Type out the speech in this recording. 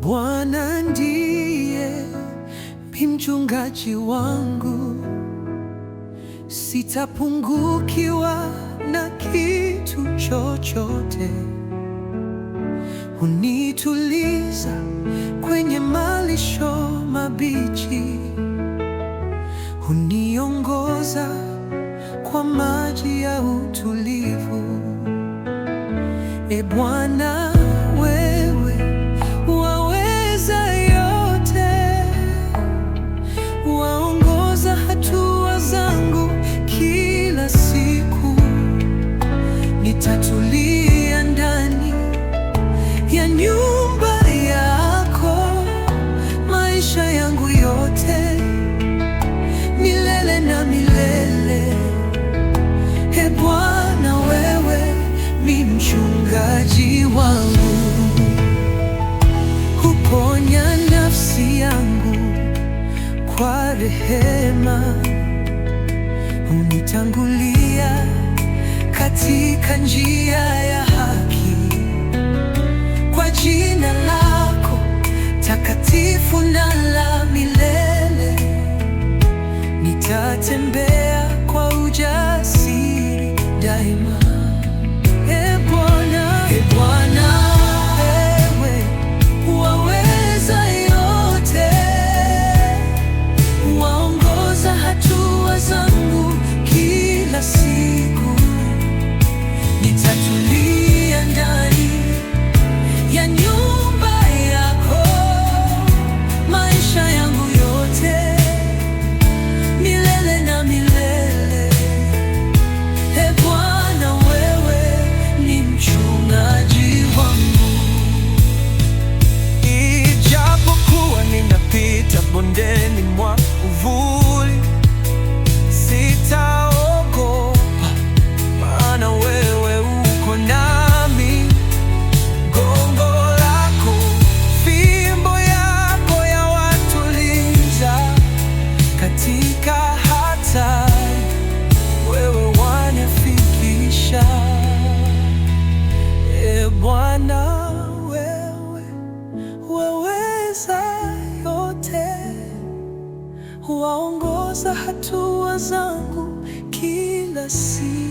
Bwana ndiye mi mchungaji wangu, sitapungukiwa na kitu chochote. Hunituliza kwenye malisho mabichi, huniongoza kwa maji ya utulivu. E Bwana rehema unitangulia katika njia ya haki. Kwa jina lako takatifu na la milele, nitatembea kwa ujasiri daima. and you kuwaongoza hatua zangu kila siku.